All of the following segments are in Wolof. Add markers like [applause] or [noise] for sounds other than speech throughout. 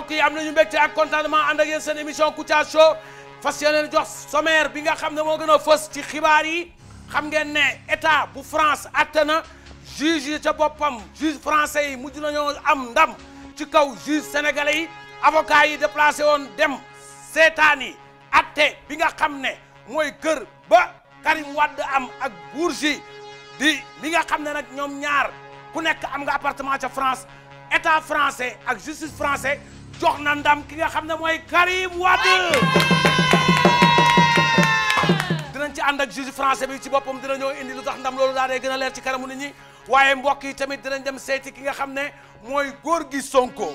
mbokk yi am ne mbégte ak contentement ànd ak yéen seen émission Kouthia Show fas yéeneen jox sommaire bi nga xam ne moo gën a fës ci xibaar yi xam ngeen ne état bu France atte na juge yi ca boppam juge français yi mujj nañoo am ndam ci kaw juge sénégalais yi avocat yi déplacé woon dem seetaan yi atte bi nga xam ne mooy kër ba Karim Wade am ak Bourgi di li nga xam ne nag ñoom ñaar ku nekk am nga appartement ca France état français ak justice français jox na ndam ki nga xam ne mooy Karim Wade dinañ ci ànd ak juge français bi ci boppam dina ñoo indi lu tax ndam loolu daa dee gën a leer ci kanamu nit ñi waaye mbokk yi tamit dinañ dem seeti ki nga xam ne mooy góor gi Sonko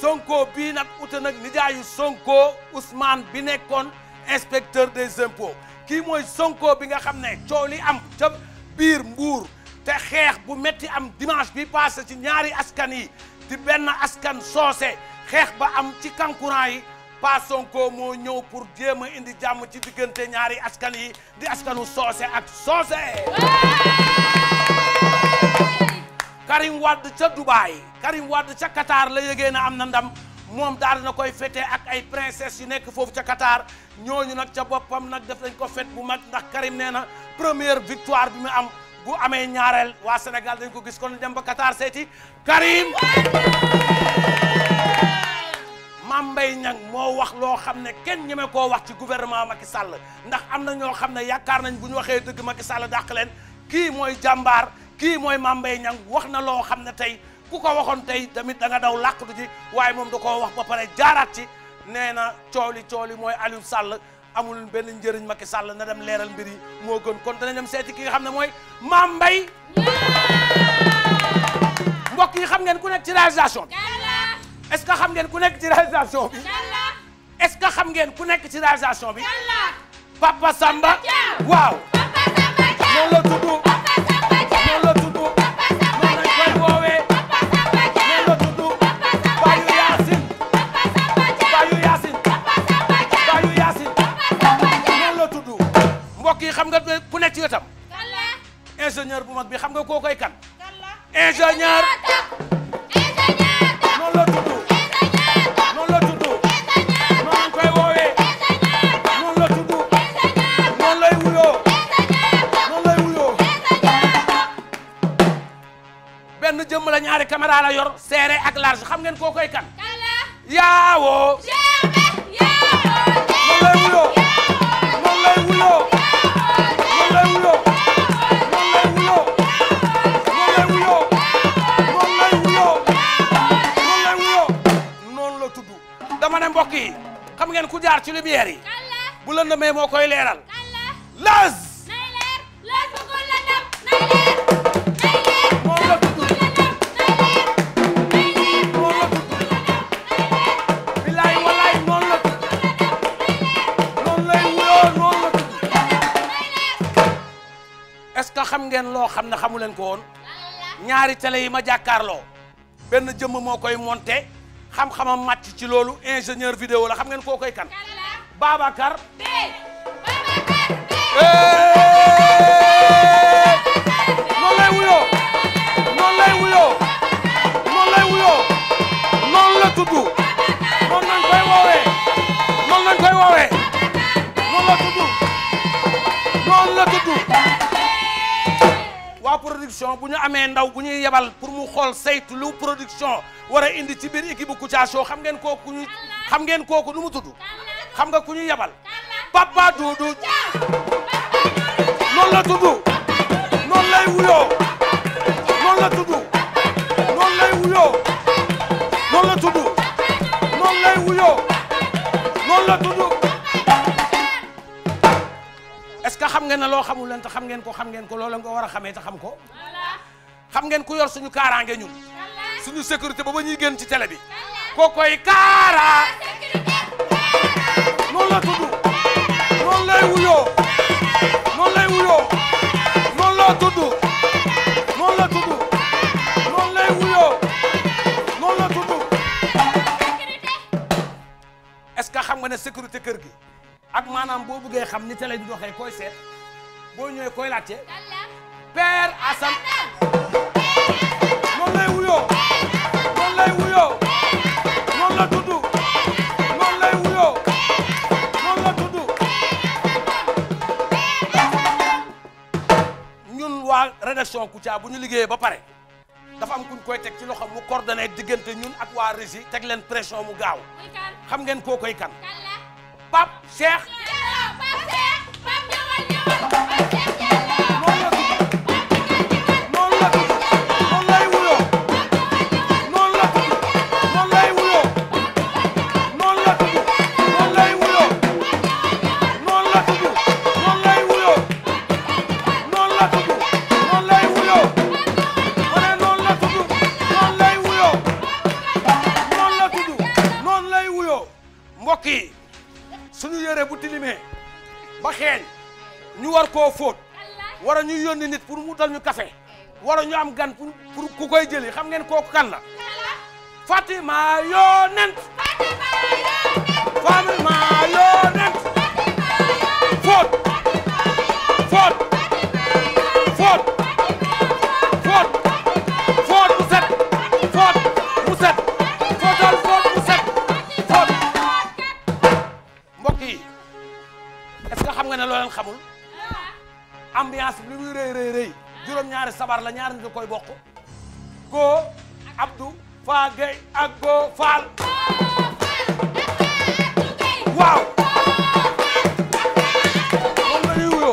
Sonko bii nag ute nag nijaayu Sonko Ousmane bi nekkoon inspecteur des impôts kii mooy Sonko bi nga xam ne coow li am ca biir Mbuur te xeex bu metti am dimanche bi passé ci ñaari askan yi di benn askan soose xeex ba am ci kankurang yi Pa Sonko moo ñëw pour jéem a indi jàmm ci diggante ñaari askan yi di askanu soose ak soose Karim Wade ca Dubaï Karim Wade ca Qatar la yëgee na am na ndam moom daal na koy fete ak ay princesse yu nekk foofu ca Qatar ñooñu nag ca boppam nag def nañ ko fet bu mag ndax Karim nee na première victoire bi mu am bu amee ñaareel waa Sénégal dañ ko gis kon dem ba Qatar seeti Karim Mame Mbaye moo wax loo xam ne kenn ñeme ko wax ci gouvernement Macky sàll ndax am na ñoo xam ne yaakaar nañ bu ñu waxee dëgg Macky Sall dàq leen kii mooy jàmbaar kii mooy Mame Mbaye Niang wax na loo xam ne tey ku ko waxoon tey tamit da nga daw làqatu ci waaye moom da ko wax ba pare jaaraat ci nee na cooli cooli mooy Aliou sàll amul benn njëriñ Macky Sall na dem leeral mbir moo gën kon danañ dem seeti ki nga xam ne mooy Mame Mbaye mbokk yi xam ngeen ku nekk ci réalisation bi est que xam ngeen ku nekk ci réalisation bi est-ce que xam ngeen ku nekk ci réalisation bi Papa Samba waaw noonu la tudd lendemain moo koy leeral. las. nay leer las bëggul lëndëm nay leer. nay leer moom la tudd. nay leer moom la tudd. bilaay walaay moom la tudd. noonu lay wuyoo noonu la tudd. est-ce que xam ngeen loo xam ne xamu leen ko woon. ñaari télé yi ma jàkkaarloo. benn jëmm moo koy monté xam-xamam màcc ci loolu ingénieur vidéo la xam ngeen koo koy kan. Babacar. noonu lay wuyoo noonu lay wuyoo noonu lay wuyoo noonu la tudd noonu lañ koy woowee noonu lañ koy woowee noonu la tudd noonu la tudd waa production bu ñu amee ndaw bu ñuy yebal pour mu xool saytu lu production war a indi ci biir équipe bu Kouthia Show xam ngeen kooku ñu xam ngeen kooku nu mu tudd xam nga ku ñu yebal Papa Doudou Dia la tudd noonu lay wuyoo noonu la tudd noonu lay wuyoo noonu la tudd noonu lay wuyoo noonu la tudd est-ce que xam ngeen ne loo xamu leen te xam ngeen ko xam ngeen ko loolu nga war a xamee te xam ko xam ngeen ku yor suñu kaaraange ñun suñu sécurité ba ba ñuy génn ci télé bi kookoy kaara noonu la tudd noonu lay wuyoo noonu lay wuyoo noonu la tudd noonu la tudd noonu lay wuyoo noonu la tudd est-ce que xam nga ne sécurité kër gi ak maanaam boo bëggee xam ni télé bi doxee koy seet boo ñëwee koy laajte Père Assane waa ku Kouthia bu ñu liggéeye ba pare dafa am kuñ koy teg ci loxo mu coordonné diggante ñun ak waa régie teg leen pression mu gaaw xam ngeen koo koy kan Pape Cheikh Pape Cheikh Pape wala ñu yónni nit pour mu wutal ñu café wara ñu am gan pour ku koy jëli xam ngeen kooku kan la Fatima yonent Fatima yonent Fatima ne sabar la ñaar nit koy bokk Go Abdou Fa Gueye ak Go Fall waaw noonu noonu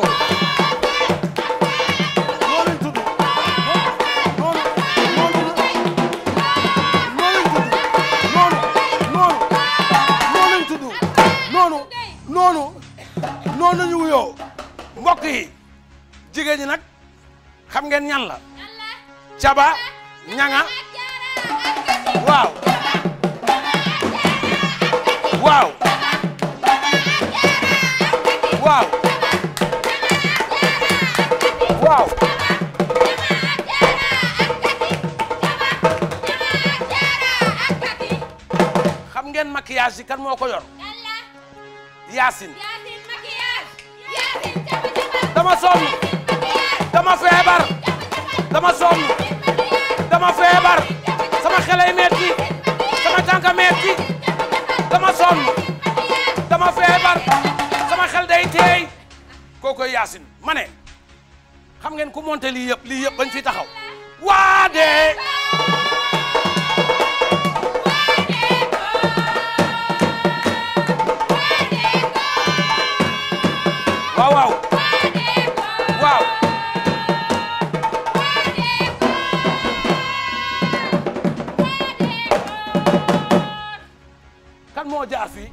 noonu tudd noonu noonu noonu noonu la yi nag xam ngeen ñan la caba ñanga waaw waaw waaw waaw xam ngeen maquillage yi kan moo ko yor Yaasin dama sonn dama feebar dama sonn dama feebar sama xelay metti sama tànka metti dama sonn dama feebar sama xel day teey kookoy yaasin ma ne xam ngeen ku monté lii yëpp lii yëpp bañ fi taxaw waa dee waaw waaw jaas yi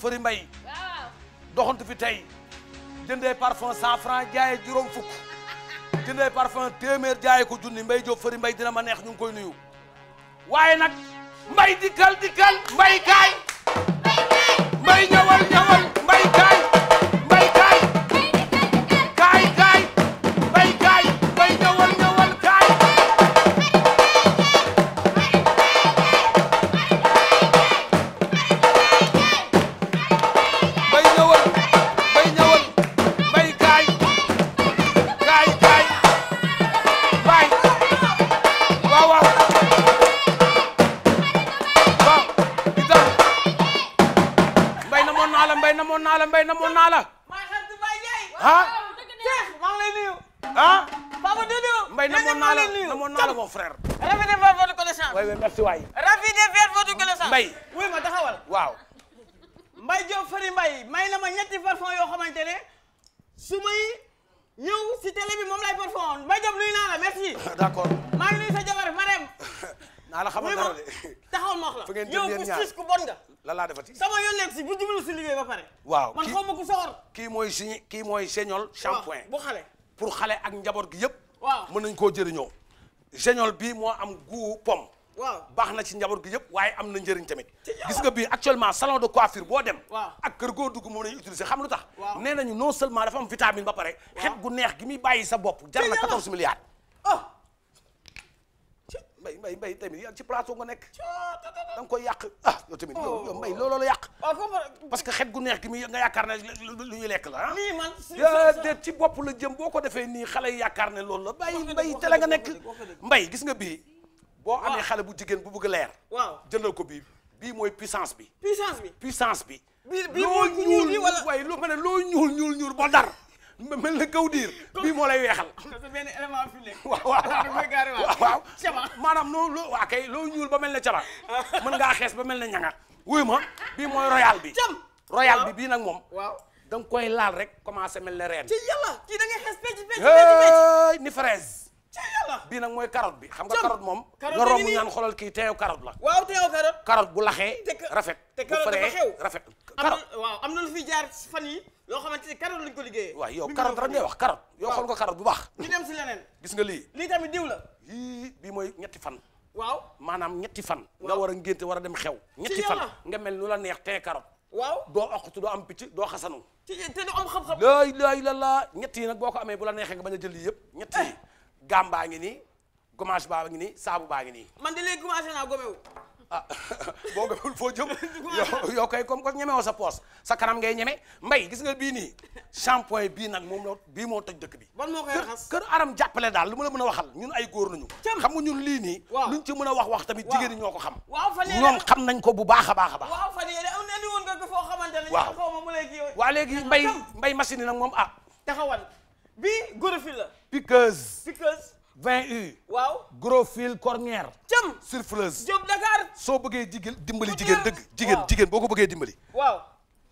Fëri Mbay doxantu fi tey jëndee parfum cent franc jaayee juróom fukk jëndee parfum téeméer jaayee ko junni Mbay Jóob Fëri Mbay dina ma neex ñu ngi koy nuyu waaye nag Mbay dikkal dikkal Mbay kaay Mbay ñëwal ñëwal Mbay géniol shampoing bu xale pour xale ak njaboot gi yëpp waaw mën nañ koo jëriñoo géniol bii moo am gu pom waaw baax na ci njaboot gi yëpp waaye am na njëriñ tamit gis nga bii actuellement salon de coiffure boo dem ak kër goo dugg moom lañuy utiliser xam lu tax nee nañu non seulement dafa am vitamine ba pare xet gu neex gi muy bàyyi sa bopp jar na 14 milliards oh. mbay mbay mbay tamit ci plateau nga nekk da koy yàq ah mbay looloo la yàq oh, parce que xet gu neex gi mi nga yaakaar ne lu ñuy lekk la ah de ci bopp la jëm boo ko defee nii xale yi yaakaar ne loolu la bàyyi mbay te la nga nekk mbay gis nga bii boo amee xale bu jigéen bu bëgg leer waaw jëndal ko bii bii mooy puissance bi puissance bi bii mooy ñuul wala waaye loo ma ne loo ñuul ñuul ñuul dar mel na kaw diir bii moo lay weexal. [laughs] benn élément fi nekk. waaw maanaam loo loo waa kay loo ñuul ba mel ne cabar mën ngaa xees ba mel ne ñanga wuy ma bii mooy royal bi. cam royal bi bii nag moom. waaw da nga koy laal rek commencé mel na reen. ci kii da ni fraise. bii nag mooy carotte bi xam nga carotte moom nga romb ñaan xoolal kii teew carotte la waaw teew carotte bu laxee rafet bu paree rafet am na lu fi jaar fan yi loo xamante ni carotte lañ ko liggéeyee waaw yow carotte rek ngay wax yow xool nga carotte bu baax ñu dem si leneen gis nga lii lii tamit diw la yii bii mooy ñetti fan waaw maanaam ñetti fan la war a ngénte war a dem xew ñetti fan nga mel nu la neex tee carotte waaw doo oqtu doo am picc doo xasanu ci te doo am xam-xam laa ilaaha illallaah ñett yi nag ko amee bu la neexee nga bañ a jël yi yëpp ñett yi eh. gaam baa ngi nii gommage baa ngi nii saabu baa ngi nii man de léegi commencé naa gomewu ah [laughs] boo gëmul foo jëm [laughs] yow kay comme ko ñemewoo sa poos sa kanam ngay ñeme mbay gis nga bii nii shampoing bii nag moom la bii moo toj dëkk bi ban moo koy raxas kër aram jàppale daal lu ma la mën a waxal ñun ay góor lañu xam nga ñun lii nii luñ ci mën a wax wax tamit jigéen ñi ñoo ko xam ñoom xam nañ ko bu baax a baax a baax waaw fan yéene am andi woon nga ko foo xamante ne waaw xaw ma mu léegi waa léegi mbay mbay machine nag moom ah taxawal bii gorofi la piqueuse piqueuse 20 U. waaw gros fil cornière. cëm surfleuse. Diop Dakar. soo bëggee jigéen dimbali jigéen dëgg. jigéen jigéen boo ko bëggee dimbali. waaw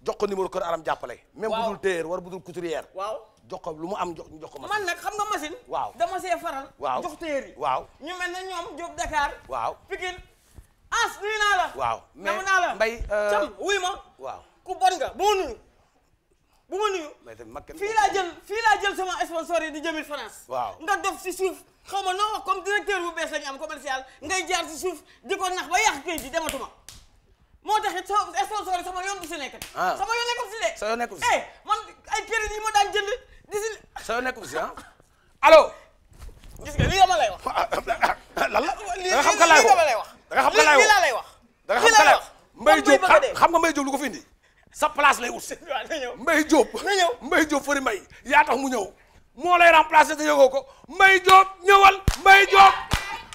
jox ko numéro kër Aram jàppale. même bu dul war bu dul couturière. waaw jox ko lu mu am jox ko machine. man nag xam nga machine. waaw dama see faral. waaw jox téyeer yi. waaw ñu mel ne ñoom Diop Dakar. waaw Pikine as nuyu naa la. waaw mais naa la mbay. Euh, ma. waaw ku bon nga boo bu ma nuyu. fii laa jël fii laa jël sama sponsor yi di jëmil France. waaw nga def si suuf xaw ma noo kom comme directeur bu bees la ñu am commercial ngay jaar si suuf di ko nax ba yàq kayit yi dematuma. moo taxit sama sponsor yi sama yoon du si nekk. Ah. sama yoon nekkul si de. sa yoon nekkul si eh man ay crédit yi ma daan jënd di si. sa yoon nekkul si ah allo. gis nga li nga ma lay wax. Ah, ah, daga xam ka laay wax da nga xam ka laay wax da nga xam ka laay mbay Diop xam nga mbay Diop lu ko fi indi. sa place lay wut. [laughs] Mbaye Diop na ñëw Mbaye Diop fëri mbay yaa tax mu ñëw moo lay remplacer te yëgoo ko Mbaye Diop ñëwal Mbaye Diop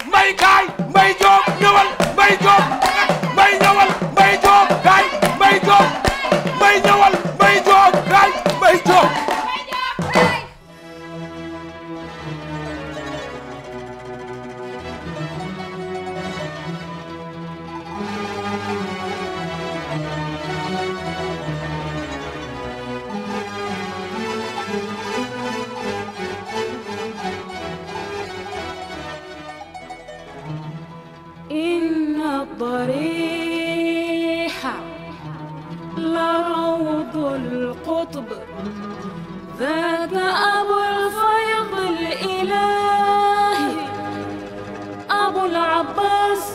Mbaye kaay Mbaye Diop ñëwal Mbaye Diop kaay Mbaye Diop Mbaye ñëwal ضريحة لروض القطب ذات أبو الفيض الإلهي أبو العباس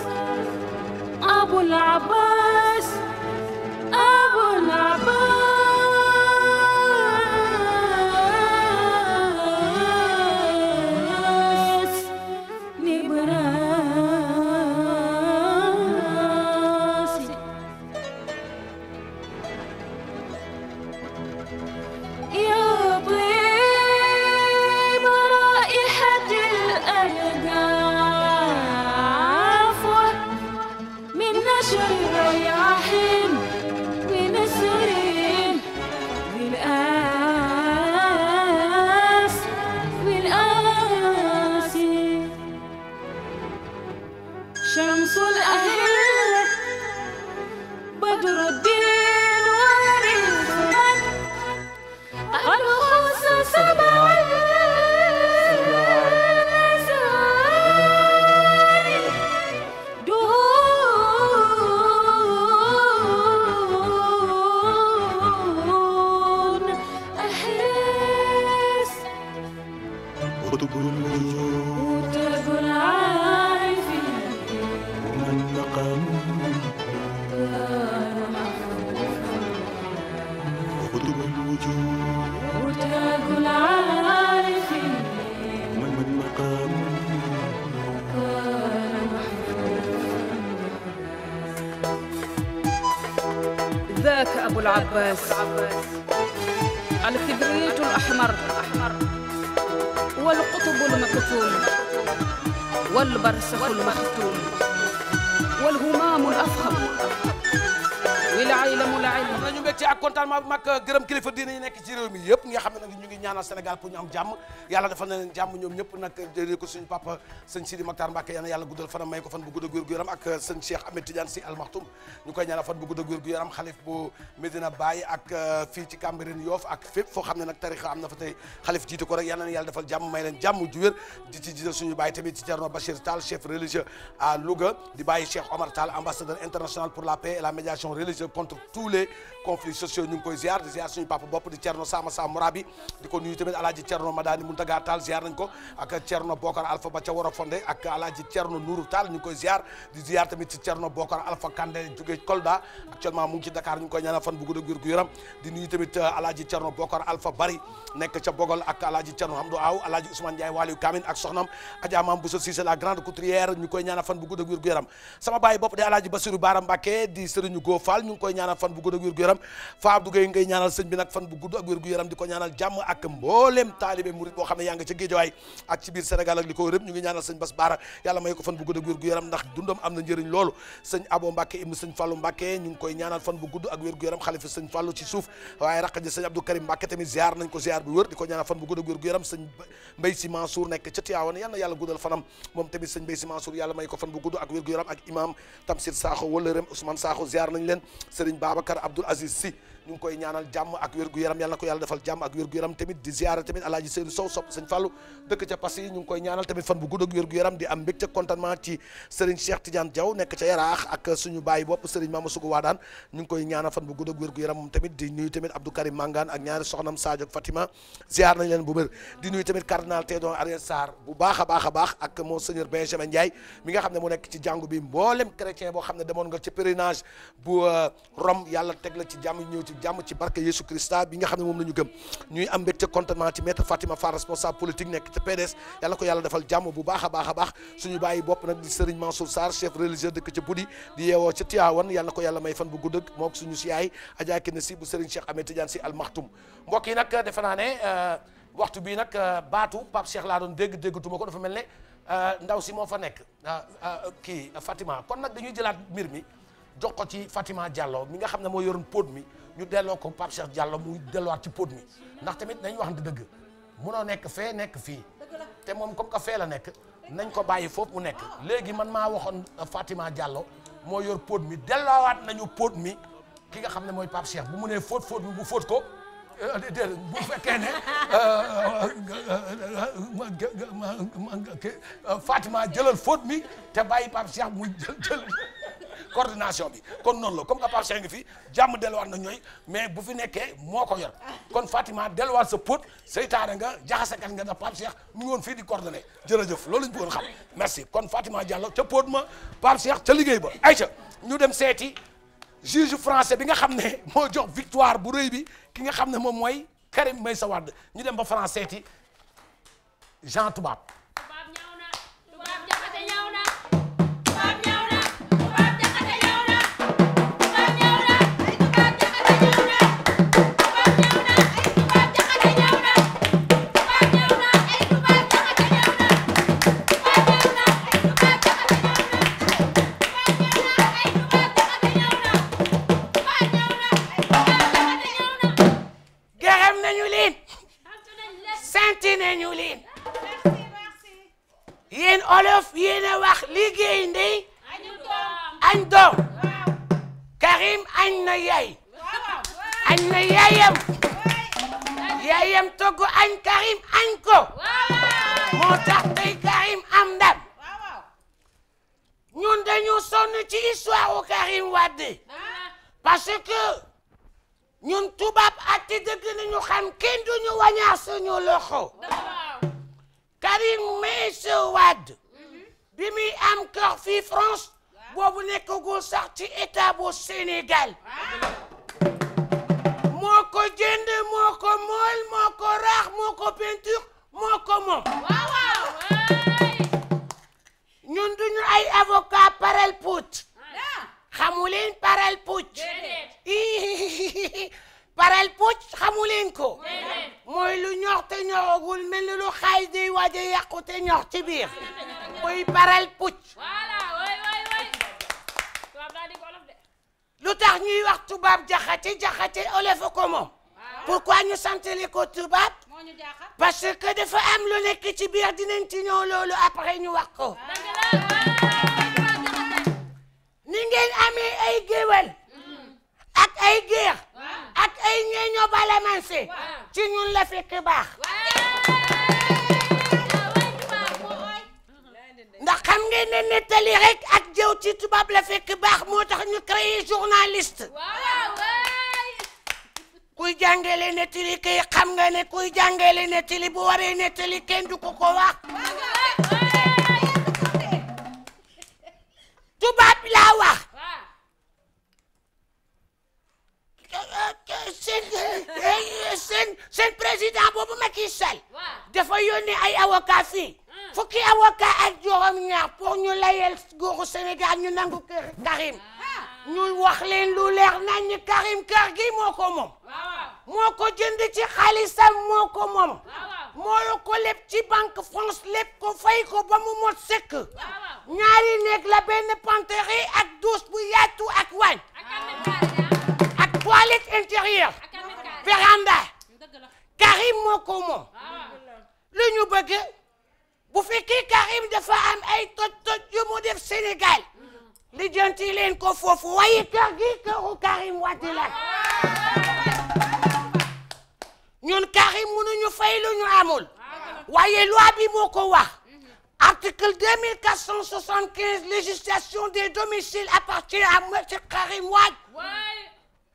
أبو العباس والبرسخ المختوم والهمام الأفخم wi la ilamu la ilm nañu mbégte ak contentement bu mag euh, gërëm kilifa diine yi nekk ci réew mi yëpp nga xam ne nag ñu ngi ñaanal Sénégal pour ñu am jàmm yàlla defal na leen jàmm ñoom ñëpp nag jëlee ko suñu papa sëñ Sidi Makhtar Mbacké yal na yàlla guddal fanam may ko fan bu gudd ak wér gu yaram ak euh, sëñ Cheikh Ahmed Tidiane Sy Al Maktoum ñu koy ñaanal fan bu gudd ak wér gu yaram xalif bu Medina Baye ak euh, fii ci Cambérène Yoff ak fépp foo xam ne nag tarixa am na fa tey xalif jiite ko rek yal na yàlla defal jàmm may leen jàmm ju wér di ci jiital suñu bàyyi tamit ci Thierno Bachir Tall chef religieux à Louga di bàyyi Cheikh Omar Tall ambassadeur international pour la paix et la médiation religieuse lutte contre tous les conflits sociaux ñu ngi koy ziar di ziar suñu papa bopp di Thierno Sama Sama Mourabi di ko nuyu tamit alaaji Thierno Madani Muntaga Tall ziar nañ ko ak Thierno Bokar Alpha ba ca war a Kolda actuellement mu ngi ci koy ñaanal fan bu gudd ak di nuyu tamit uh, alaaji Thierno Bokar Alpha Bari nekk ca Bogol ak alaaji Thierno Hamdou Aw alaaji Ousmane Ndiaye Waliou Kamine ak soxnam Adja Mam Bousso la grande couturière ñu koy ñaanal fan bu gudd ak wér gu yaram fa Abdou Gueye ngay ñaanal sëñ bi nag fan bu gudd ak di ko ñaanal jàmm ak mbooleem taalibe murid boo xam ne yaa nga ca géejawaay ak ci biir Sénégal ak li ko wërëm ñu ngi ñaanal sëñ Bass Bara may ko fan bu gudd ak wér gu ngi koy ñaanal fan bu ak gu yaram xalifa sëñ Fallou ci suuf waaye raq ji sëñ Abdou Karim Mbacke tamit ziar nañ ko ziar bu wër di ko ñaanal fan bu gudd ak gudd ak wér gu yaram ak imam Tamsir Sakho wala rem Ousmane Sakho ziar nañ leen Serigne Babacar Abdoul Aziz Sy ñu ngi koy ñaanal jàmm ak wér-gu-yaram yàlla na ko yàlla defal jàmm ak wér-gu-yaram tamit di ziara tamit alaaji Seydou Sow sopp sëñ Fallou dëkk ca Passy ñu ngi koy ñaanal tamit fan bu gudd ak wér-gu-yaram di am mbégte contentement ci Serigne Cheikh Tidiane Diaw nekk ca Yaraax ak suñu baay bopp Serigne Mamadou Sougou Wadane ñu ngi koy ñaanal fan bu gudd ak wér-gu-yaram tamit di nuyu tamit Abdou Karim Mangane ak ñaari soxnam Sadio ak Fatima ziar nañ leen bu bër di nuyu tamit cardinal Théodore Adrien Sarr bu baax a baax a baax ak nga xam ne mu nekk ci jàngu bi mboolem chrétien boo xam ne demoon nga ci pèlerinage bu euh, Rome yàlla teg la ci jàmm ñëw ci jàmm ci barke Yesu Christa bi nga xam ne moom la ñu gëm ñuy am mbégte contentement ci maître Fatima Fall responsable politique nekk ci PDS yàlla ko yàlla defal jàmm bu baax a baax a baax suñu bàyyi bopp nag di Serigne Mansour Sarr chef religieux dëkk ca Budi di yeewoo ca Tiawan yàlla ko yàlla may fan bu gudd ak mook suñu si yaay Adja Kine si bu Serigne Cheikh Ahmed Tidiane si almakhtum mbokk yi nag defe ne euh, waxtu bii nag euh, baatu Pape Cheikh laa doon dégg déggatuma ko dafa mel ne euh, ndaw si moo fa nekk kii Fatima kon nag dañuy jëlaat mbir mi jox ko ci Fatima Diallo mi nga xam ne moo yoroon póot mi ñu delloo ko Pape Cheikh Diallo mu delluwaat ci pot mi ndax tamit nañ wax dëgg munoo nekk fee nekk fii te moom comme que fee la nekk nañ ko bàyyi foofu mu nekk léegi man maa waxoon Fatima Diallo moo yor pot mi delloowaat nañu pot mi ki nga xam ne mooy Pape Cheikh bu mu nee fóot fóot mi bu fóot ko bu jëlal fóot mi te bàyyi Pape Cheikh mu jël jël coordination bi kon noonu la comme que Pape Cheikh ngi fi jàmm delluwaat na ñooy mais bu fi nekkee moo ko yor kon Fatima delluwaat sa poot pot seytaane nga jaxasekat nga ndax Pape Cheikh mu ngi woon fii di coordonné jërëjëf loolu lañ bëggoon xam merci kon Fatima Diallo ca poot ma Pape Cheikh ca liggéey ba ayca ñu dem seeti juge francais bi nga xam ne [laughs] moo jox victoire bu rëy bi ki nga xam ne moom mooy Karim Meïssa Wade ñu dem ba France seeti Jean Toubab tax ñuy wax tubaab jaxate jaxate olof ko moom pourquoi ñu santale ko tubaab parce que dafa am lu nekk ci biir dinañ ci ñëw loolu après ñu wax ko ni amee ay géwél ak ay géer ak ay ñeeño balamanse ci ñun la fekk baax xam ngeen ne nettali rek ak jëw ci tubaab la fekk baax moo tax ñu créé journaliste kuy jàngale nettali kay xam nga ne kuy jàngale nettali bu waree nettali kenn du ko ko wax tubaab laa wax seen eh, seen seen président boobu Macky Sall dafa yónnee ay avocat fii hmm. fukki avocat ak juróom-ñaar pour ñu layel góoru Sénégal ñu nangu Karim ah. ñu wax leen lu leer nañ Karim kër gi moo ko moom moo ko jënd ci xaalisam moo ko moom moo ko leb ci banque France leb ko fay ko ba mu mot sëkk ñaari néeg la benn panterie ak douche bu yaatu ak waañ toilette intérieure véranda Karim moo ko lu ñu bëgg bu fekkee Karim dafa am ay toj toj yu mu def Sénégal lijjanti leen ko foofu waaye kër gi këru Karim Wade la ñun Karim mënuñu fay lu ñu amul waaye loi bi ko wax article 2475 législation des domiciles appartient à monsieur Karim Wade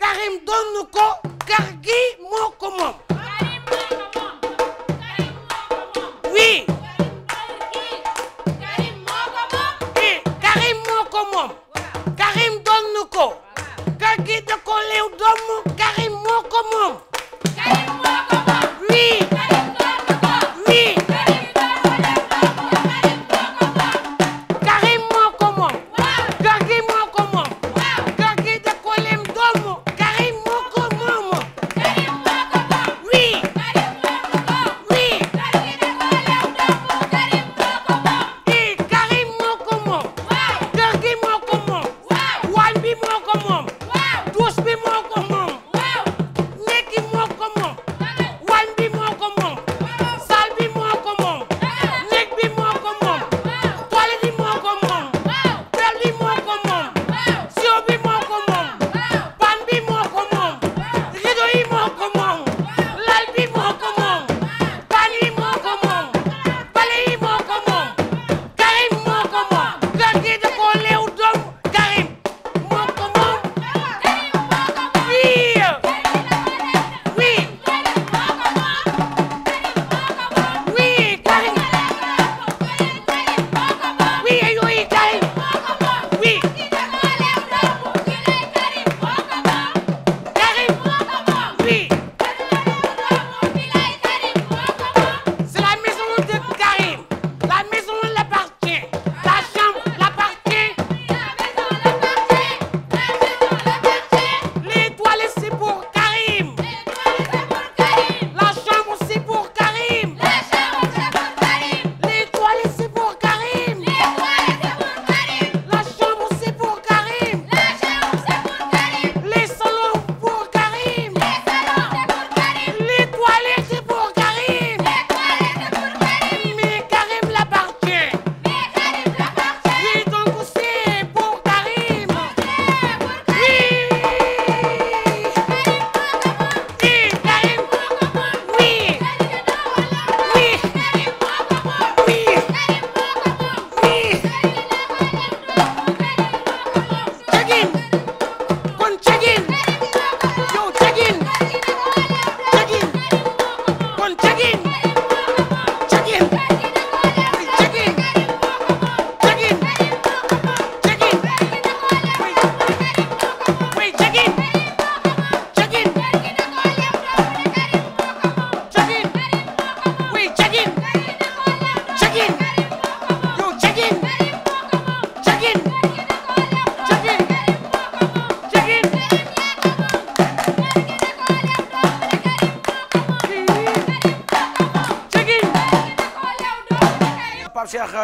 Karim donn ko kar moo ko moom oui Karim moo ko moom Karim donn ko kar gi ko leew doomu Karim moo ko moom Cheikh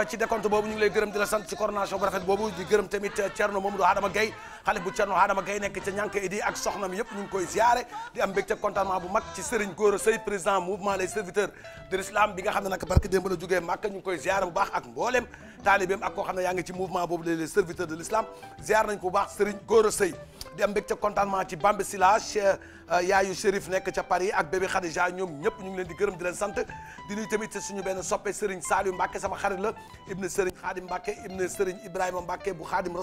ci décompte boobu ñu ngi lay gërëm di la sant ci coordination bu rafet boobu di gërëm tamit Thierno Mamadou Adama Gueye xalif bu Cerno Adama Gaye nekk ca ñànk idi ak soxnam yëpp ñu ngi koy ziare di am mbégte contentement bu mag ci Serigne Gora Seye président mouvement les serviteurs de l'islam bi nga xam ne nag barke démb la jógee Màkka ngi koy ziare bu baax ak mbooleem taalibeem ak koo xam ne yaa ngi ci mouvement boobu les serviteurs de l'islam ziar nañ ko bu baax Serigne Gora Seye di am mbégte contentement ci Bambi Silage euh, yaayu Chérif nekk ca Paris ak bébé Khadija ñoom ñëpp ñu ngi leen di gërëm di leen sant di nuyu tamit suñu benn soppe Serigne Saliou Mbacke sama xarit la ibne Serigne Khadim Mbacke ibne Serigne Ibrahima Mbacke bu Khadim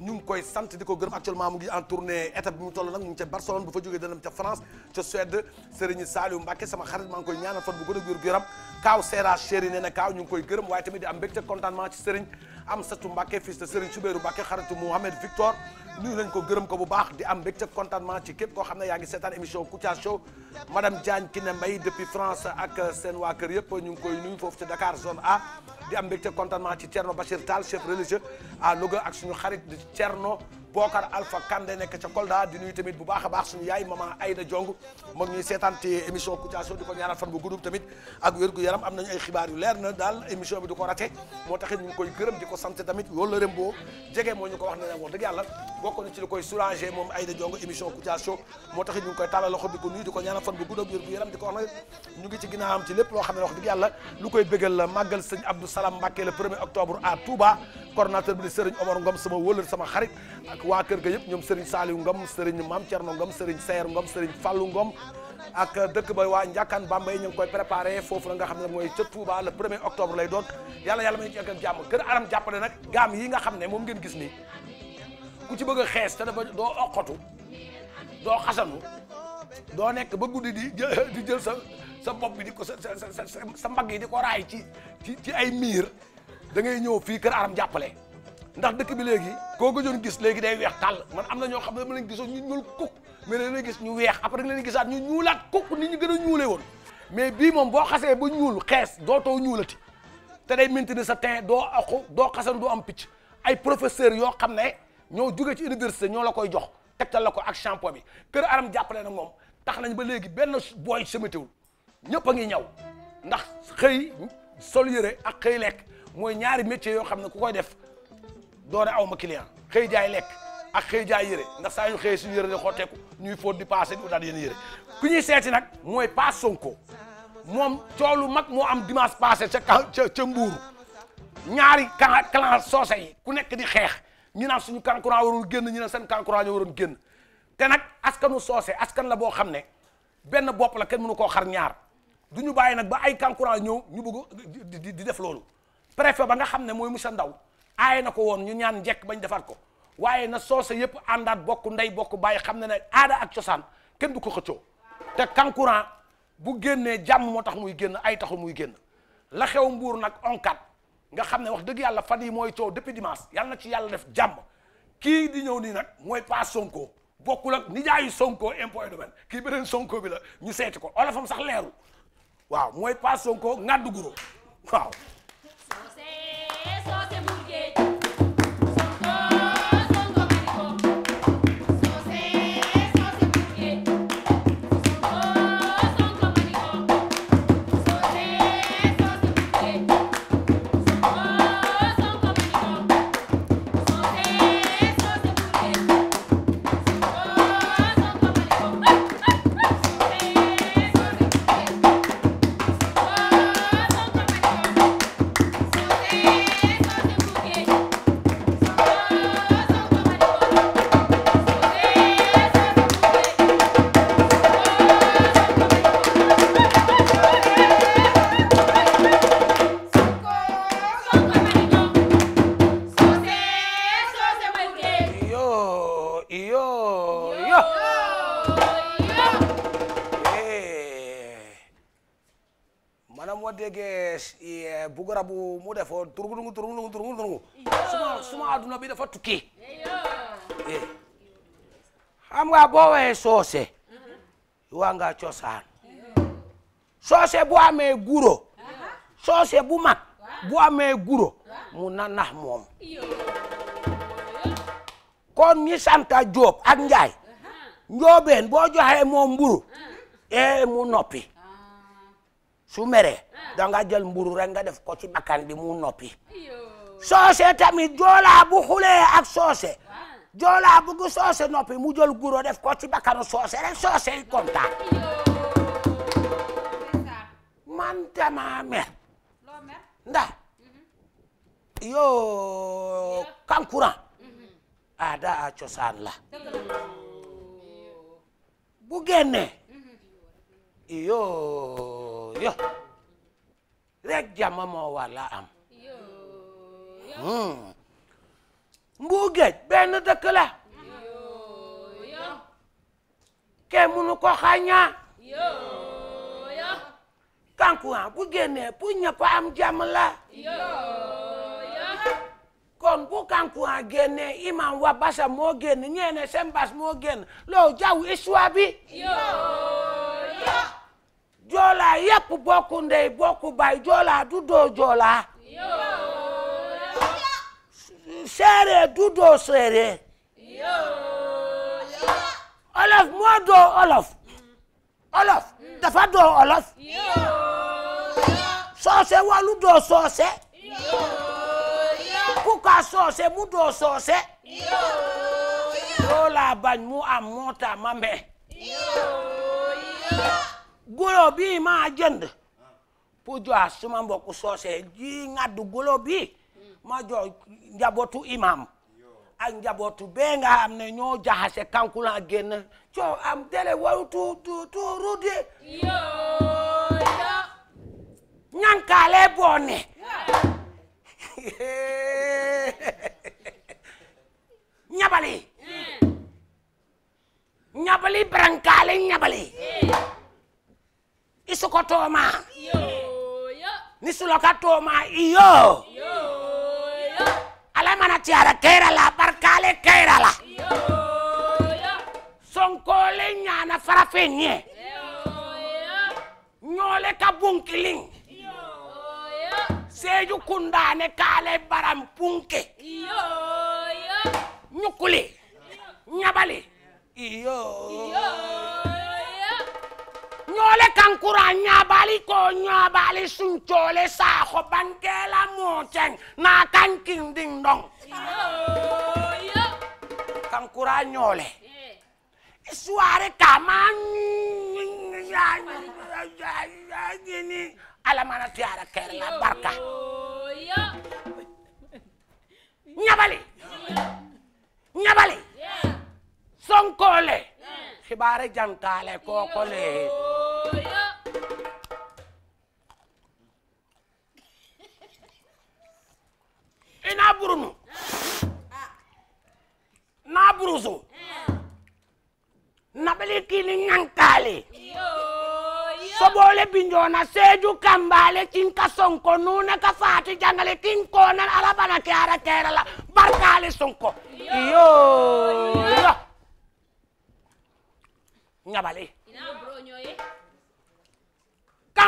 ngi koy sant di ko gërëm actuellement mu ngi en tournée étape bi mu toll nag ngi ca Barcelone bu fa jógee dana ca France ca Suède Serigne Saliou Mbacké sama xarit maa ngi koy ñaanal fan bu gën a wér gu yaram kaaw Seera Chéri nee kaaw ñu koy gërëm waaye tamit di am mbégte contentement ci Serigne Amsatou Mbacké fils de Serigne Soubérou Mbacké xaritu Mohamed Victor nuyu nañ ko gërëm ko bu baax di am mbégte contentement ci képp koo xam ne yaa gi seetaan émission Kouthia Show madame Diagne Kiné waa kër yëpp ñu ngi koy nuyu foofu ci am mbégte contentement ci Thierno ak suñu xarit Bokar Alpha Kande nekk ca Kolda di nuyu tamit bu baax a baax suñu yaay maman Aïda Diong moom ñuy seetaan ci émission Kouthia Show di ko ñaanal fan bu guddub tamit ak wér gu yaram am nañu ay xibaar yu leer na daal émission bi du ko raté moo taxit ñu ngi koy gërëm di ko sant tamit wala boo jege moo ñu ko wax ne wax dëgg yàlla bokk na lu koy soulager moom Aïda Diong émission Kouthia Show moo taxit ñu koy tàllal loxo di ko nuyu di ko ñaanal fan bu gudd ak wér lépp loo xam ne wax dëgg yàlla lu koy bégal la màggal sëñ Abdou Salam Mbacké le 1er octobre à Touba coordonnateur bi di Serigne Omar Ngom sama wëlër sama xarit waa kër ga yëpp ñoom Serigne Saliou Ngom Serigne Mame Thierno Ngom Serigne Seyer Ngom Serigne Fallou Ngom ak dëkk ba waa Ndiakane Bambey ñu ngi koy préparé foofu la nga xam ne mooy ca Touba le premier octobre lay doon yàlla yàlla may ñu ci ak jàppale nag gaam yi nga xam ne moom ngeen gis nii ci bëgg a xees te dafa doo oqatu doo xasanu doo nekk ba guddi di di jël sa sa bopp di ko sa sa sa mbagg yi di ko raay ci ci ci ay miir da ngay ñëw fii kër aram jàppale ndax dëkk bi léegi koo gëjoon gis léegi day weex tàll man am na ñoo xam ne dama leen gisoon ñu ñuul kukk mais da gis ñu weex après da leen gisaat ñu ñuulaat kukk nit ñu gën a ñuulee woon mais bii moom boo xasee ba ñuul xees dootoo ñuulati te day maintenir sa teint doo aqu doo xasan doo am picc ay professeur yoo xam ne ñoo jóge ci université ñoo la koy jox tegtal la ko ak shampoing bi kër aram jàppale na moom tax nañ ba léegi benn booy semétéwul ñëpp a ngi ñaw ndax xëy sol yére ak xëy lek mooy ñaari métier yoo xam ne ku koy def doone aw ma client xëy jaay lekk ak xëy jaay yére ndax saa ñu xëyee suñu yére di xotteeku ñuy fóot di passé di utaat yéen yére ku ñuy seeti nag mooy pas Sonko moom coolu mag moo am dimanche passé ca ca ca ñaari clan clan soose yi ku nekk di xeex ñu naan suñu kankuraa waroon génn ñu naan seen kankuraa ñoo waroon génn te nag askanu soose askan la boo xam ne benn bopp la kenn mënu koo xar ñaar du ñu bàyyi nag ba ay kankuraa ñëw ñu bëgg di def loolu préfet ba nga xam ne mooy monsieur Ndaw aay na ko woon ñu ñaan njekk bañ defar ko waaye na soose yëpp àndaat bokk ndey bokk bàyyi xam ne ne aada ak cosaan kenn du ko xëccoo te kankurang bu génnee jàmm moo tax muy génn ay taxul muy génn la xew mbuur nag onkat nga xam ne wax dëgg yàlla fan yi mooy coow depuis dimanche yàlla na ci yàlla def jàmm kii di ñëw nii nag mooy pas Sonko bokkul ak nijaayu Sonko impôt et domaine kii beneen Sonko bi la ñu seeti ko olofam sax leeru waaw mooy pas Sonko ŋà guro bi dafa tukki eh. xam nga boo waxee soose mm-hmm. waa nga cosaan soose bu amee guro uh-huh. soose bu mag bu amee guro mu na nax moom kon ñi santa Jóob ak Njaay uh-huh. njoobeen boo joxee moom mburu uh-huh. ee eh, mu noppi ah. su mere ah. danga jël mburu rek nga def ko ci bakkan mu noppi soose tamit joolaa bu xulee ak soose joolaa bëgg soose noppi mu jël guro def ko ci bakkanu soose rek soose yi kontaan man dama mer ndax mhm. yoo kankuran mhm. aada ah, a cosaan la bu génne mhm. yoo yo rek jàmm moo walla am mbuu géej benn dëkk la kenn mënu ko xañaa kankuran bu génnee pour ñëpp am jàmm kon bu kankuran génnee imam wa basa moo génn ñeene seen bas moo génn loolu jaww histoire bi joolaa yépp bokku ndey bokku bay joolaa du doo joolaa seeree du doo seeree olof moo doo olof olof dafa doo olof soose walu doo soose ku ka soose mu doo soose loolu bañ mu am ma mbee golo bii maa jënd pour jox suma mbokku soose ji ngaddu golo bii ma jox njabootu imam ak njabootu bee nga xam ne ñoo jaxase kankula génn coo am tele waru tu tu tu rude ñankaale boone [laughs] ñabali mm. ñabali brankaale ñabali mm. isuko tooma ni suloka tooma iyo ala mana tiara kerala barkale kerala sonkole ñana farafe ñe ñole ka bunkiling seju kundane kale baram punke ñukuli ñabali ñoole kankura ñaabali ko ñaabali suncoole saaxo bankeela muceng na kankin ding dong kankura ñoole isuwaare kama ñini alamana tiyaara kerla barka ñabali ñabali sonkoole xibaare jantaale kookole inaburuno e naburuso naɓele kini ŋankale sobole binjona seju kambale kinka sonko nuna ka fati jangale kinkonan alabana ke ara kerala barkale sonko yo ŋaɓale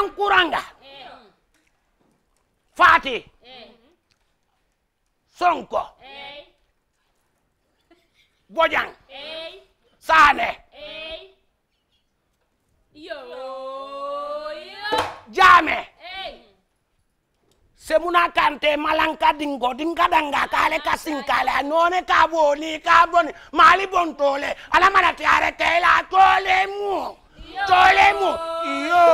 sankuranga faati sonko bojang saane jaame semuna kante malanka dingo dinga danga kale kasinkale anone kaboni kaboni mali bontole alamanatiare kela tole mu tolemu iyo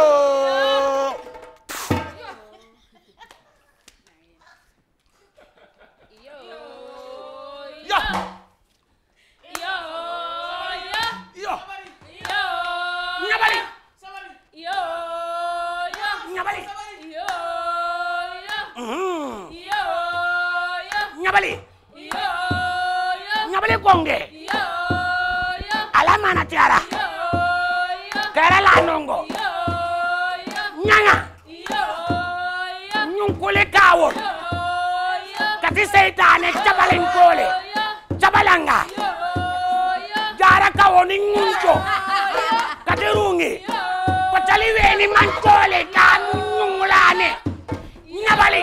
Nyabali. Nyabali konge. Ala mana tiara. dara la nongo ñanga ñunkule kawol kati seytane cabalin cabalanga jara kawo ni kati rungi kotali weni man tole ka ñungulane ñabali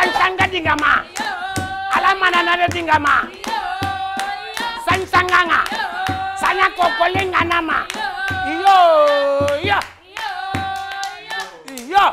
sañ-sañ nga dinga ma ala mana na dinga ma sañ-sañ nga nga saña nga na ma iyo iyo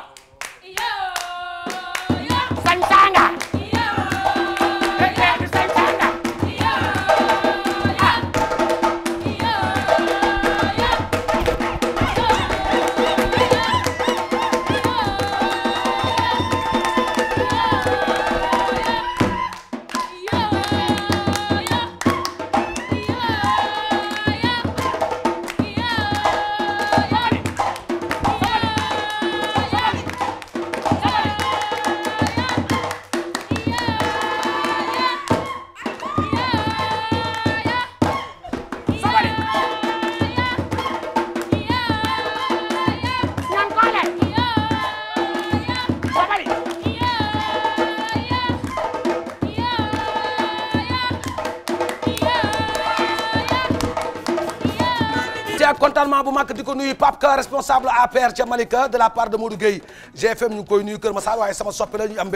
màkk di ko nuyu Pape Ka responsable APR ca Malika de la part de Modou Gueye GFM ñu ngi koy nuyu Kër Massar waaye sama soppe la ñu am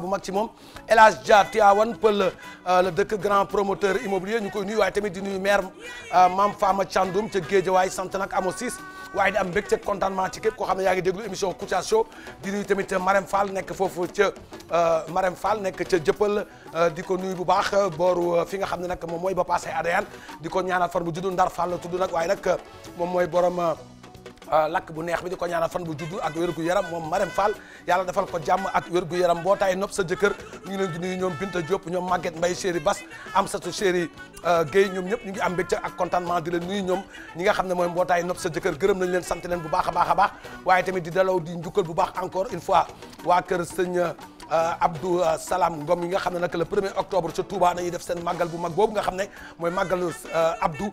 bu mag ci moom El Pël euh, le dëkk grand promoteur immobilier ñu waaye tamit di nuyu maire euh, Mame Fama Thiandoum ca Guédiawaye sant nag amo sis waaye di am mbégte contentement ci képp koo xam ne yaa ngi déglu émission Kouthia Show di nuyu tamit Marème Fall nekk foofu ca euh, Marème Fall nekk ca jëppal di ko nuyu bu baax booru fi nga xam ne nag moom mooy ba passé di ko ñaanal fan bu juddu la tudd nag waaye nag borom euh, euh, lakk bu neex bi di ko ñaanal fan bu juddu ak wér gu yaram moom Marème Fall yàlla defal ko jàmm ak wér gu yaram mbootaay nopp sa jëkkër ñu ngi leen di nuyu ñoom Binta Diop ñoom Maguette Mbaye chéri Bas am satu chéri euh, Guèye ñoom ñëpp ñu ngi am mbégte ak contentement di leen nuyu ñoom ñi nga xam ne mooy mbootaay nopp sa jëkkër gërëm nañ leen sant leen bu baax a baax a baax waaye tamit di dalaw di njukkal bu baax encore une fois waa kër sëñ Euh, Abdou euh, Salam Ngom yi nga xam ne nag le premier octobre ca Touba nañuy def seen màggal bu mag boobu nga xam ne mooy màggalu euh, Abdou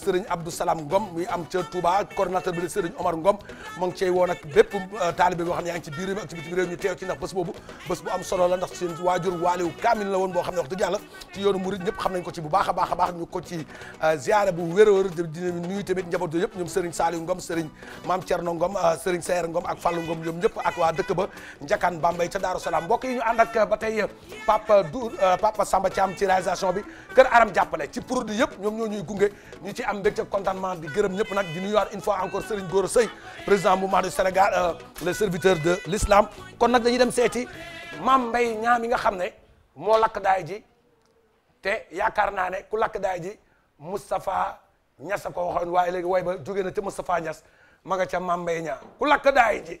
Sëriñ Abdou Salam Ngom muy am ca Touba coordonnateur bi Sëriñ Omar Ngom moo ngi cey woo nag bépp taalibe boo xam ne yaa ngi ci biir ak ci bitim réew ñu teew ci ndax bés boobu bés bu am solo la ndax seen waajur waaliw kaamil la woon boo xam ne wax dëgg yàlla ci yoonu murid ñëpp xam nañ a baax a baax ñu ko a wér dina nuyu yëpp ñoom Sëriñ Saliou Ngom Sëriñ Maam Ngom ak Fàllu Ngom ñoom ñëpp ak waa dëkk ba Njakaan Bambey Daaru Salaam mbokk yi ñu ànd ak ba tey Papa du euh, Papa Samba Thiam ci réalisation bi Kër Aram jàppale ci produit yëpp ñoom ñoo ñuy gunge ñu ci am mbégte contentement di gërëm ñëpp nag di nuyuwaat une fois encore Serigne Gora Seye président mouvement du Sénégal euh, le serviteur de l'islam kon nag dañuy dem seeti maam mbay ñaam yi nga xam ne moo lakk daay ji te yaakaar naa ne ku lakk daay ji Moustapha Niass a ko waaye léegi way ba jógee na te Moustapha Niass ma nga ca maam mbay ñaam ku lakk daay ji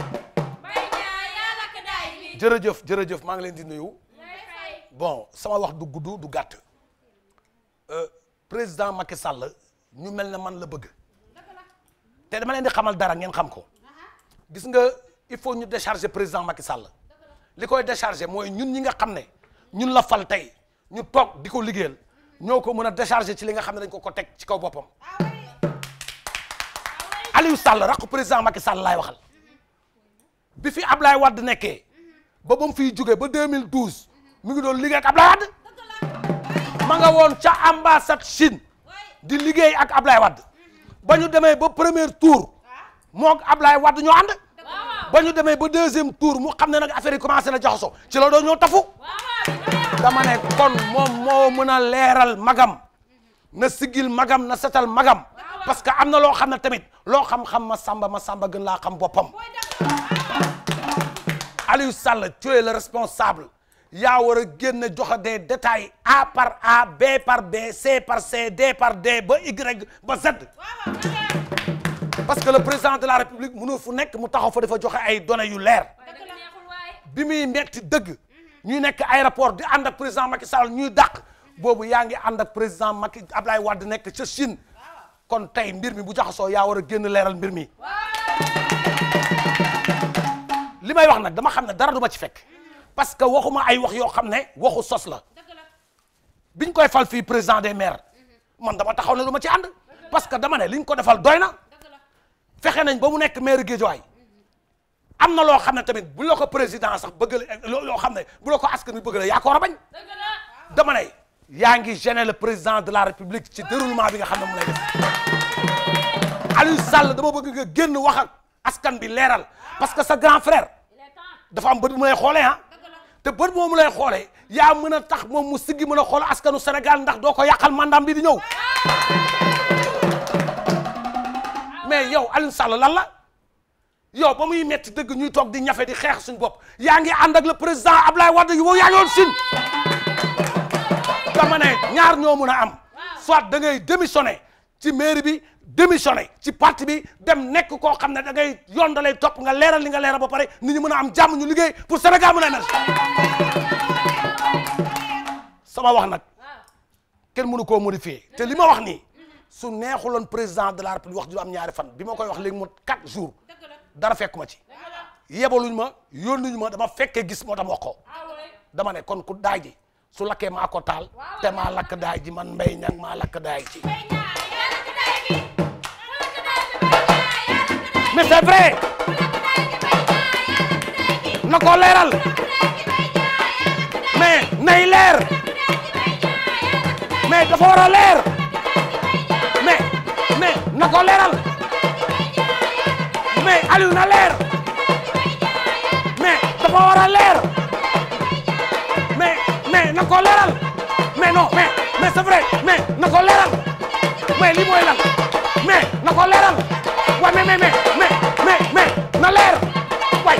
jërëjëf jërëjëf maa ngi leen di nuyu bon sama wax du gudd du gàtt euh, président Macky Sall ñu mel ne man la bëgg te ma leen di xamal dara ngeen xam ko gis nga il faut ñu décharger président Macky Sall li koy décharger mooy ñun ñi nga xam ne ñun la fal tey ñu toog di ko liggéeyal ñoo ko mën a décharger ci li nga xam ne dañ ko ko teg ci kaw boppam Aliou Sall rakku président Macky Sall laay waxal bi fi Ablaye Wade nekkee. ba ba mu fiy jóge ba 2012 mi ngi doon liggéey ak Ablaye Wade ma nga woon ca ambassade Chine di liggéey ak Ablaye Wade ba ñu demee ba premier tour moog Ablaye Wade ñoo ànd ba ñu demee ba deuxième tour mu xam ne nag affaire yi commencé na jaxaso ci la doon ñoo tafu dama kon moom moo mën a leeral magam na sigil magam na setal magam parce que am na loo xam ne tamit loo xam-xam ma samba ma samba gën laa xam boppam Aliou Sall tu es responsable yaa war a génn joxe des détails A par A B par B C par C D par D ba Y ba Z. parce que la président de la république mënoo fu nekk mu taxaw fa dafa joxe ay données yu leer. bi muy metti dëgg. ñuy nekk aéroport di ànd ak président Macky Sall ñuy dàq boobu yaa ngi ànd ak président Macky Ablaye Wade nekk ca Chine kon tey mbir mi bu jaxasoo yaa war a génn leeral mbir mi. li may wax nag dama xam ne dara du ma ci fekk parce que waxuma ay wax yoo xam ne waxu sos la biñ koy fal fii président des maires man dama taxaw ne du ma ci ànd parce que dama ne liñ ko defal doy na fexe nañ ba mu nekk maire Guédiawaye am na loo xam ne tamit bu la ko président sax bëgg la loo xam ne bu la ko askan wi bëgg la yaa ko war a bañ dama ne yaa ngi gêner le président de la république ci déroulement bi nga xam ne mu lay def Aliou Sall dama bëgg nga génn wax ak askan bi leeral parce que grand frère dafa am bët mu lay xoolee ah te bët moomu lay xoolee yaa mën a tax moom mu siggi mën a xool askanu Sénégal ndax doo ko yàqal mandam bi di ñëw ah. mais yow Alioune Sall lan la yow ba muy metti dëgg ñuy toog di ñafe di xeex suñu bopp yaa ngi ànd ak le président Ablaye Wade yu wow yaa ngi woon Sine ah. dama ne ñaar ñoo mën a am ah. soit da ngay démissionner ci mairie bi démissionné ci parti bi dem nekk koo xam ne da ngay yoon da lay topp nga leeral li nga leera ba pare nit ñi mën a am jàmm ñu liggéey pour Sénégal mën a émerger sama wax nag kenn mënu koo modifier te li ma wax nii su neexuloon président de la république wax ju am ñaari fan bi ma koy wax léegi mo quatre jours dara fekk ma ci yebaluñ ma yoon yónnuñ ma dama fekkee gis moo tam wax ko dama ne kon ku daay su lakkee maa ko taal te maa lakk daay ji man mbay ñang maa lakk ne c'est vrai na ko leeral mais nay leer mais dafa war a leer mais mais na ko leeral mais Aliou na leer mais dafa war a leer mais mais na ko leeral mais non mais mais c'est vrai mais na ko leeral mais lii mooy lan mais na ko leeral. waaye mais mais mais mais mais na leer waay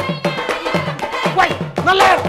waay na leer.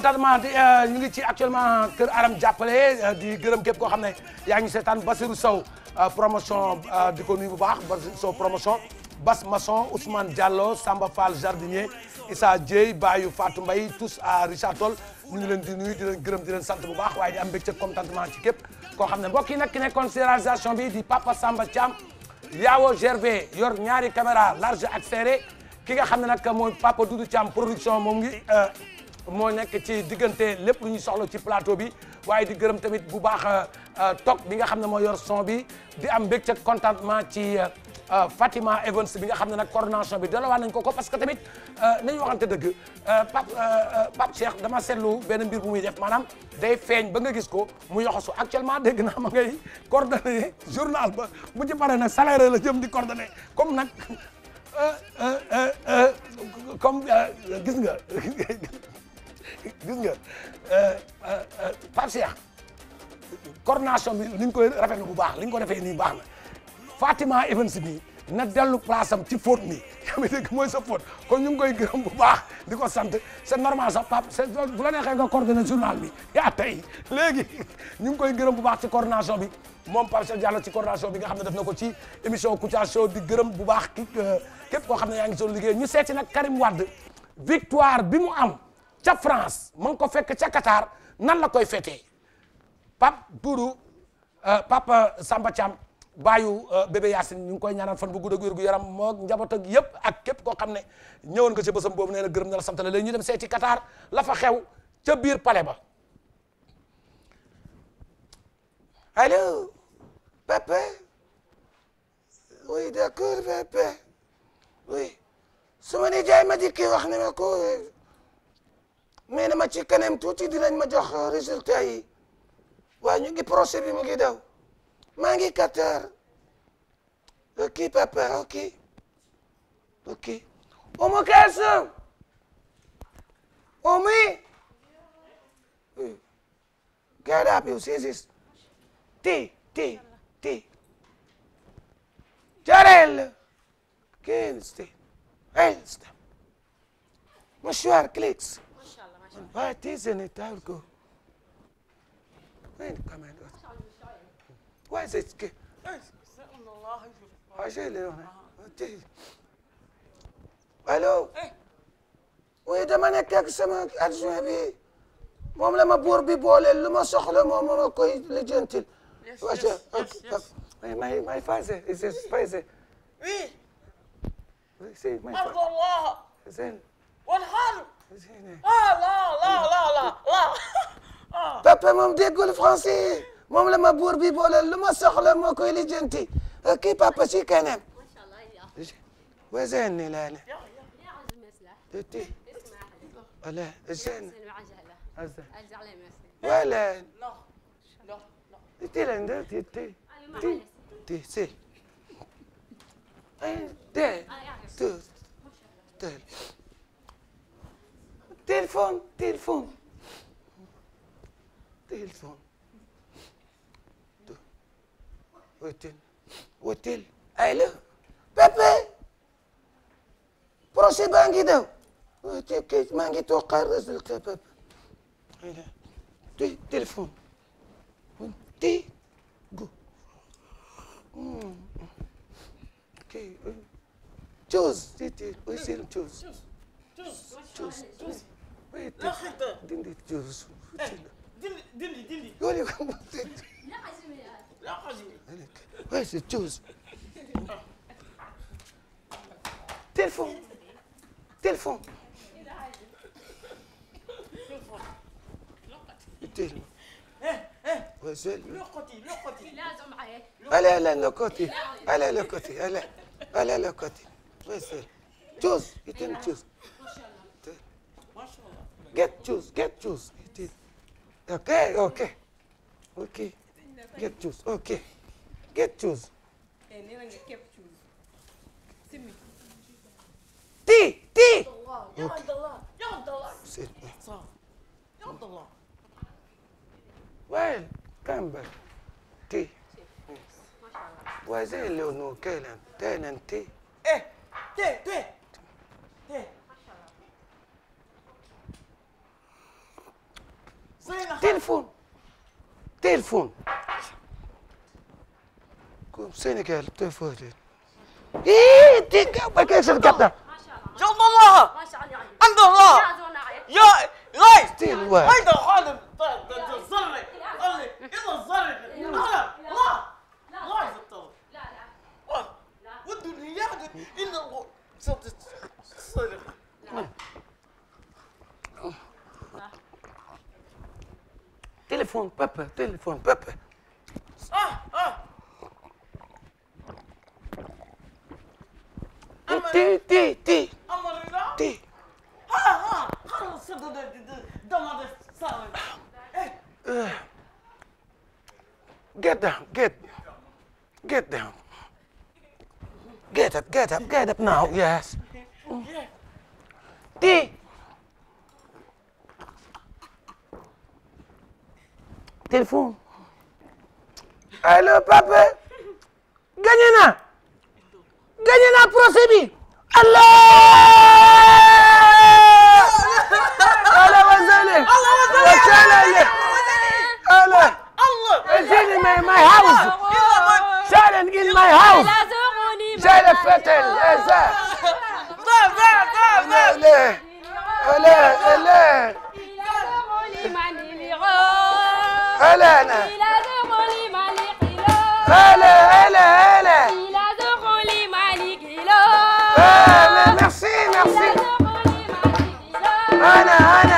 contentement di euh, ñu ngi ci actuellement Kër Aram jàppale euh, di gërëm képp koo xam ne yaa ngi seetaan Basirou Sow euh, promotion di ko nuyu bu baax Basirou Sow promotion Bas Masson Ousmane Diallo Samba Fall jardinier Issa Dieye Bayou Fatou Mbaye tous à Richard Toll ñu ngi leen di nuyu di leen gërëm di leen sant bu baax waaye di am mbégte contentement ci képp koo xam ne mbokk ki nag ki nekkoon si bi di Papa Samba Thiam Yaawo Gervais yor ñaari caméra large ak serré ki nga xam n nag mooy Papa Doudou Thiam production moom ngi moo nekk ci diggante lépp lu ñuy soxla ci plateau bi waaye di gërëm tamit bu baax euh, euh, toog bi nga xam ne mooy yor son bi di am mbégte contentement ci euh, Fatima Evans bi nga xam ne nag coordination bi delloo nañ ko ko parce que tamit nañu waxante dëgg Pape Pape Cheikh dama seetlu benn mbir bu muy def maanaam day feeñ ba nga gis ko mu yoxosu actuellement dégg naa ma ngay coordonné journal ba bu ci paree nag salaire la jëm di coordonné comme nag comme gis nga. gis nga euh, euh, euh, Pape Cheikh coordination bi ni ñu koy rafetlu bu baax li ñu ko defee nii baax na Fatima Evans bi na dellu place am ci faute mi yaa ngi dégg mooy sa faute kon ñu ngi koy gërëm bu baax di ko sant c'est normal sax Pape c'est bu la neexee nga coordonné journal bi yaa tey léegi ñu ngi koy gërëm bu baax ci coordination bi moom Pape Cheikh Diallo ci coordination bi nga xam ne daf na ko ci émission Kouthia Show di gërëm bu baax ki képp koo xam ne yaa ngi soo liggéey ñu seet si nag Karim Wade victoire bi mu am. ca France ma ngi ko fekk ca Qatar nan la koy fetee Pape Doudou euh, Papa euh, Samba Thiam baayu euh, bébé Yacine ñu ngi koy ñaanal fan bu gudd ak wér gu yaram moo njaboot ak yëpp ak képp koo xam ne ñëwoon nga ci bësam boobu ne na gërëm na la sant la léegi ñu dem seeti Qatar la fa xew ca biir palais ba allo Pépé oui d'accord Pépé oui su ma nijaay ma dikki wax ne ma ko mais na ma ci kanam tuuti dinañ ma jox résultat yi waaye ñu ngi procès bi mu ngi daw maa ngi Qatar ok papa ok ok Oumou Kalsoum Oumi get up you see ti ti ti Jarel Kingston Elston Mouchoir Clicks Why isn't it alcohol? وين الكاميرا؟ وين عشان هنا الو وده ما نكاك سمك اجنبي moom la ma buur bi booleel lu ma soxla moom ma koy lijjantil. yes yes yes may may may fase is it fase. oui. oui si may fase. [laughs] ah là là là là là. papa moom déggul français moom la ma buur bi boole lu ma soxla moo koy lijjanti kii papa si keneen. وزين لا لا لا زين ولا تي لا تي تي تي تي سي تي تي téléphone téléphone téléphone wëttéel wëttéel ay la Pépé projet ngi daw maa ngi toog résultat Pépé téléphone té go ok hmm. chose té té chose chose dindi diyoruz. Eh, dindi, dindi, dindi. Öyle Ne hacmi ya? Ne hacmi? Evet. Neyse diyoruz. Telefon. Telefon. Telefon. وسلم لقطي لقطي لازم معايا الا لا لقطي الا لقطي الا الا لقطي وسلم جوز يتم جوز get juice get juice okay okay get juice okay get juice. tea eh, tea. well come back tea. waaye sëñ Léonor kay lan tey tea. eh tey tey tey. téléphone téléphone comme Sénégal téléphone ii dégg nga kay seen gàttal يلا الله عند الله يا لاي هيدا خالد الزرق قال لي يلا الزرق لا لا لا لا لا والدنيا ان الله صدق صدق Telefon papa, telefon papa. Ah, ah. Ti, ti, ti. Amarilla. Ti. Ha, ha. Han sırdı dedi, damadı sağ Get down, get. Get down. Get up, get up, get up now, yes. téléphone allo papa gagné naa gagné naa procès bi allah allah wasale wasale allah wasale my my house challenge in my house jale fetel esa va va va va هلا أنا إلى دخول ملك إله هلا هلا هلا إلى دخول ملك إله هلا ميرسي ميرسي أنا أنا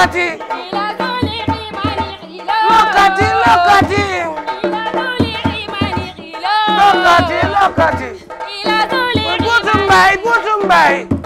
lokati lokati lokati lokati lokati guutu mbay guutu mbay